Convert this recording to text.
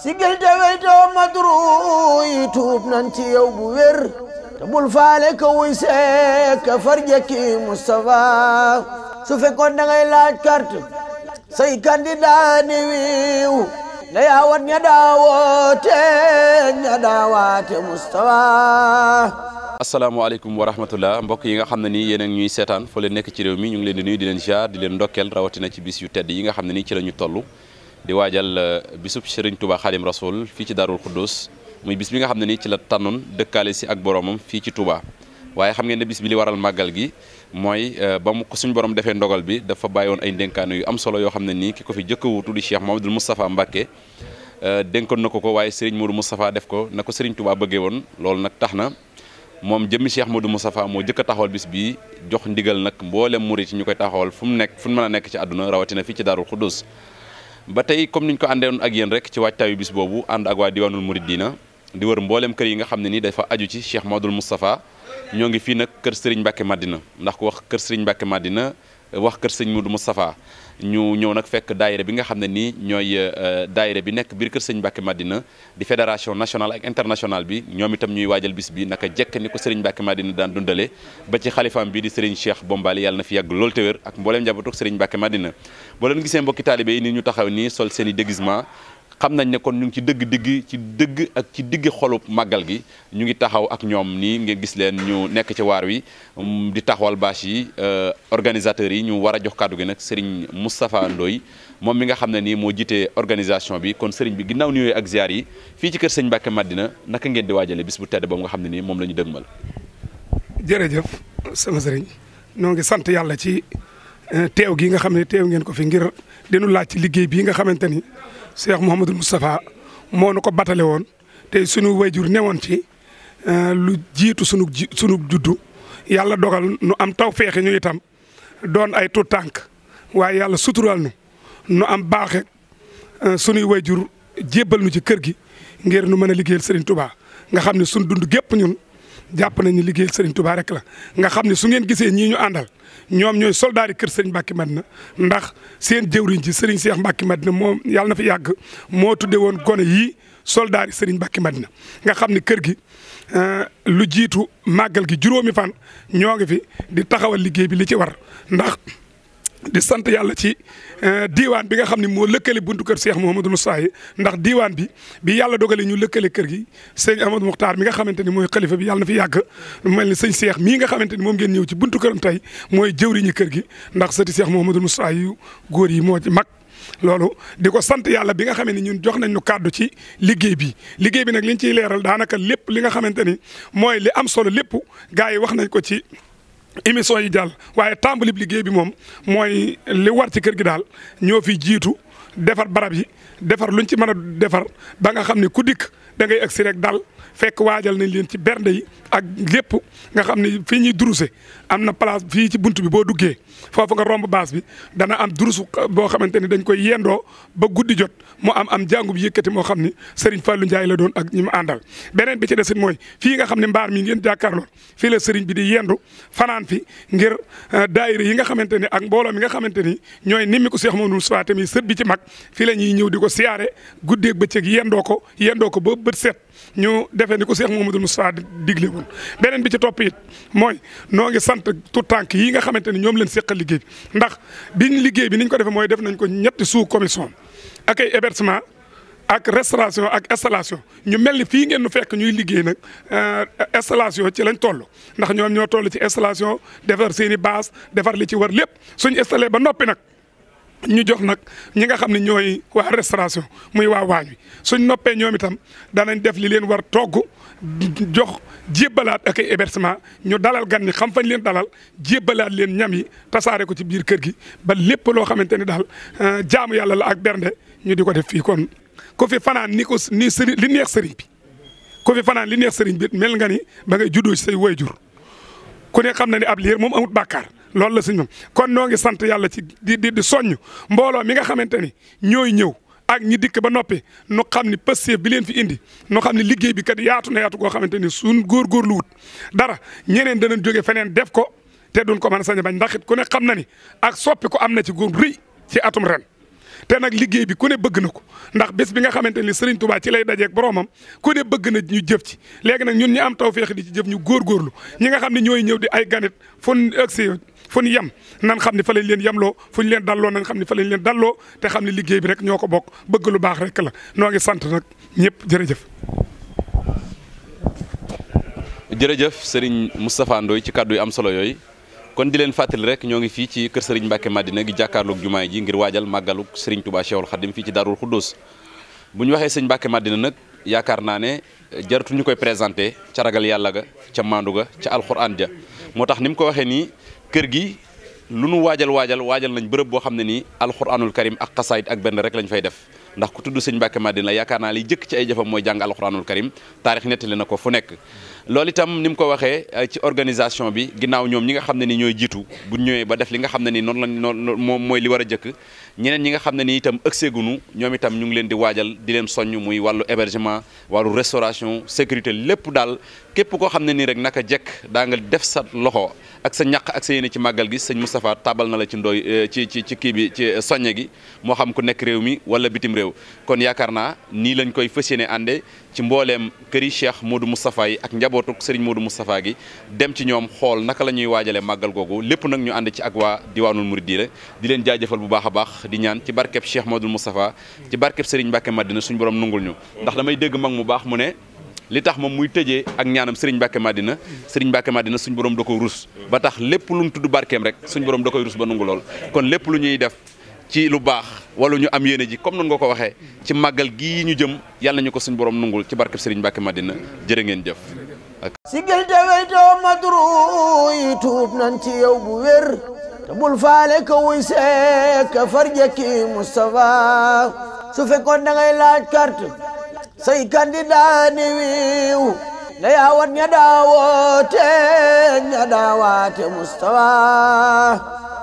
sigil te weytoo madru yi tuub nan ci yow bu wér te bul faale ka wuy seek ka farjaki Moustapha su fekkoon da ngay laaj carte say candidat ni wiiw na yaawat ña daawoote ña daawaate Moustapha asalaamaaleykum wa rahmatullah mbokk yi nga xam ne nii yéen a seetaan fa leen nekk ci réew mi ñu ngi leen di nuyu di leen jaar di leen ndokkeel rawatina ci bis yu tedd yi nga xam ne nii ci la ñu toll di waajal euh, bisub Serigne Touba Khadim Rasoul fii ci Darou Khoudoss muy bis bi nga xam ne nii ci la tànnoon dëkkaale si ak boromam fii ci Touba waaye xam ngeen ne bis bi li waral màggal gi mooy euh, ba mu ko suñ borom defee ndogal bi dafa bàyyi woon ay ndénkaane yu am solo yoo xam ne nii ki ko fi jëkk wuutu di moo Mamadou Moustapha Mbacké euh, dénkoon na ko ko waaye Serigne Modou Moustapha def ko na ko Serigne Touba bëggee woon loolu nag tax na moom jëmmi Cheikh Modou Moustapha moo jëkk a bis bi jox ndigal nag mboolem murit ñu koy taxawal fu mu nekk fu mu mën nekk ci àdduna rawatina fii ci Darou Khoudoss ba tey comme ni ñu ko àndeewoon ak yéen rek ci waajtaayu bis boobu ànd ak waa diwaanul muridina di wër mbooleem kër yi nga xam ne ni dafa aju ci Cheikh Maodul Moustapha ñoo ngi fii nag kër sëriñ Mbacke Madina ndax ku wax kër Serigne Mbacke Madina wax kër sëñ Modou Moustapha ñu ñëw nag fekk daayira bi nga xam ne nii ñooy euh, daayira bi nekk biir kër sëñ Mbacke Madina di fédération nationale ak internationale bi ñoom itam ñuy waajal bis bi naka jekk ni ko Serigne Mbacke Madina daan dundale ba ci xalifaam bii di Serigne Cheikh Bombali yàlla na fi yàgg lool te wér ak mbooleem njabootu Serigne Mbacke Madina boo leen gisee mbokki taalibe ñu taxaw nii sol seen i xam nañ ne kon ñu ngi ci dëgg digg ci dëgg ak ci digg xolub màggal gi ñu ngi taxaw ak ñoom nii ngeen gis leen ñu nekk ci waar wi um, di taxawal bâche yi euh, organisateurs yi ñu war a jox kàddu gi nag Serigne Moustapha Ndoye moom mi nga xam ne nii moo jiite organisation bi kon Serigne bi ginnaaw nuyoo ak ziar yi fii ci kër Serigne Mbacké Madina naka ngeen di waajale bis bu tedd boobu nga xam ne ni moom la ñu dëgmal. jërëjëf Euh, teew gi nga xam ne teew ngeen ko fi ngir dinu laaj ci liggéey bii nga xamante ni Cheikh Mouhamadul Moustapha moo nu ko batale woon te sunu wayjur newoon ci euh, lu jiitu sunu ji sunu juddu yàlla dogal nu am taw feexe ñu itam doon ay tuut tànk waaye yàlla sutural nu nu am baaxe euh, sunuy way jur jébbal nu ci kër gi ngir nu mën a liggéeyal Serigne tubaa nga xam ne sunu dund gépp ñun. jàpp nañu liggéeyal Serigne Touba rek la nga xam ne su ngeen gisee ñii ñu àndal ñoom ñooy soldaari kër Serigne Mbacke Madina ndax seen jëwriñ ji Serigne Cheikh Mbacke Madina moom yàlla na fi yàgg moo tudde woon gone yii soldaari Serigne Mbacke Madina nga xam ne kër gi euh, lu jiitu màggal gi juróomi fan ñoo ngi fi di taxawal liggéey bi li ci war ndax di sant yàlla ci euh, diwaan bi nga xam ne moo lëkkale buntu kër Cheikh Mouhamadou Moussa yi ndax diwaan bi bi yàlla dogalee ñu lëkkale kër gi sëñ Amadou Mokhtar mi nga xamante ni mooy xalifa bi yàlla na fi yàgg mel ni sëñ Cheikh mii nga xamante ni moom ngeen ñëw ci buntu këram tey mooy jëwriñu kër gi ndax sëti Cheikh Mouhamadou Moussa yu góor yi moo ci mag. loolu di ko sant yàlla bi nga xamee ni ñun jox nañ ñu kàddu ci liggéey bi liggéey bi nag liñ ciy leeral daanaka lépp li nga xamante ni mooy li am solo lépp gaa yi wax nañ ko ci. émission yi jàll waaye tàmbali liggéey bi moom mooy li war ci kër gi daal ñoo fi jiitu. defar barab yi defar luñ ci mën a defar ba nga xam ne ku dikk da ngay agsi rek dal fekk waajal nañ leen ci bernde ak lépp nga xam ne fii ñuy duruse am na place fii ci bunt bi boo duggee foofu nga romb baas bi dana am durusu boo xamante ni dañ koy yendoo ba guddi jot mu am am jàngu bi yëkkati moo xam ne Serigne Fallou Ndiaye la doon ak ñi mu àndal beneen bi ci desit mooy fii nga xam ne mbaar mi ngeen jàkkaarloo fii la Serigne bi di yendu fanaan fi ngir euh, daayira yi nga xamante ni ak mbooloo mi nga xamante ni ñooy nimmi ko Cheikh Mamadou Moustapha tamit ci mag nag fii la ñuy ñëw di ko siyaare guddeeg bëccëg yendoo ko yendoo ko ba bët set ñu defee ni ko Cheikh Mouhamadou Moustapha digle woon beneen bi ci topp it mooy noo ngi sant tout tànk yi nga xamante ni ñoom leen seqal liggéey bi ndax biñ liggéey bi niñ ko defee mooy def nañ ko ñetti sous commission ak ay ak restauration ak installation ñu mel ni fii ngeen nu fekk ñuy liggéey nag euh, installation ci lañ toll ndax ñoom ñoo toll ci installation defar seen i base defar li ci war lépp suñ installé ba noppi nag ñu jox nag ñi nga xam ne ñooy waa restauration muy waa waañ wi suñ noppee ñoom itam danañ def li leen war togg jox jébbalaat ak ay ñu dalal gan ñi xam leen dalal jébbalaat leen ñam yi tasaare ko ci biir kër gi ba lépp loo xamante ni daal euh, jaamu yàlla la ak bernde ñu di ko def fii kon ku fi fanaan ni ko ni sëriñ li neex sëriñ bi ku fi fanaan li neex sëriñ bi mel nga ni ba ngay juddoo ci say jur ko ne xam na ne ab liir moom amut bàkkaar loolu la si mam kon noo ngi sant yàlla ci di di di soññ mbooloo mi nga xamante ni ñooy ñëw ak ñi dikk ba noppi nu xam ni Pastef bi leen fi indi nu xam ne liggéey bi kat yaatu na yaatu goo xamante ni suñ góorgóorlu wut dara ñeneen danañ jóge feneen def ko te duñ ko mën a sañ bañ ndax it ku ne xam na ni ak soppi ko am na ci góor rëy ci atum ren te nag liggéey bi ku ne bëgg na ko ndax bés bi nga xamante ni Serigne Touba ci lay dajeeg boromam ku ne bëgg na ñu jëf ci léegi nag ñun ñu am tawfeex di ci jëf ñu góorgóorlu ñi nga xam ne ñooy ñëw di ay ganit fon ak fu nu yem nan xam ne fa lañ leen yemloo fu ñu leen dalloo nan xam ne fa lañ leen dalloo te xam ne liggéey bi rek ñoo ko bokk bëgg lu baax rek la noo ngi sant nag ñëpp jërëjëf. jërëjëf Serigne Moustapha ci kàddu yi am solo yooyu kon di leen fàttali rek ñoo ngi fii ci kër Serigne Mbacke Madina gi jàkkaarloog jumaay ji ngir waajal màggaluk Serigne Touba Cheikhul Khadim fii ci Darou Khoudoss bu ñu waxee sëñ Mbacke Madina nag yaakaar naa ne jaratuñu koy présenté ca ragal yàlla ga ca maandu ga ca alxuraan ja moo tax ni mu ko waxee nii kër gi lu nu waajal waajal waajal nañ bërëb boo xam ne nii alxuraanul karim ak xasaayit ak benn rek lañu fay def ndax ku tudd sëñ Mbàkke Madina la yaakaar naa li jëkk ci ay jëfam mooy jàng alxuraanul karim taarix nettali na ko fu nekk loolu itam ni mu ko waxee euh, ci organisation bi ginnaaw ñoom ñi nga xam ne ni ñooy jiitu bu ñëwee ba def li nga xam ne ni noonu la noonu moom mooy li war a jëkk ñeneen ñi nga xam ne ni itam ëgseegunu ñoom itam ñu ngi leen di waajal di leen soññ muy wàllu hébergement wàllu restauration sécurité lépp daal képp koo xam ne nii rek naka jekk daa nga def sa loxo ak sa ñaq ak sa yéene ci màggal gi sëñ Moustapha taabal na la ci ndoy euh, ci ci ci kii bi ci euh, soññe gi moo xam ku nekk réew mi wala bitim réew kon yaakaar naa nii lañ koy fas yéene ànde ci mbooleem këri Cheikh Modou Moustapha yi ak njabootuk Serigne Modou Moustapha gi dem ci ñoom xool naka la ñuy waajalee màggal googu lépp nag ñu ànd ci ak waa diwaanul Mouridiyya di leen jaajëfal bu baax a baax di ñaan ci barkeb Cheikh Modou Moustapha ci barkeb Serigne Mbacke Madina suñu borom nungul ñu ndax damay dégg mag mu baax mu ne li tax moom muy tëjee ak ñaanam Serigne Mbacke Madina Serigne Mbacke Madina suñ borom da ko rus ba tax lépp lu mu tudd barkeem rek suñ borom da koy rus ba nungu lool kon lépp lu ñuy def ci lu baax wala ñu am yéene ji comme noonu nga ko waxee ci màggal gii ñu jëm yàlla ñu ko suñ borom nungul ci barkeb Serigne Mbacke Madina jërë ngeen jëf sigil te weytoo madru yi tuub nan ci bu wér te bul faale ka wuy seek ka farjaki Moustapha su fekkoon da ngay laaj carte say candidat wiiw na yaawat ña daawoote ña daawaate Moustapha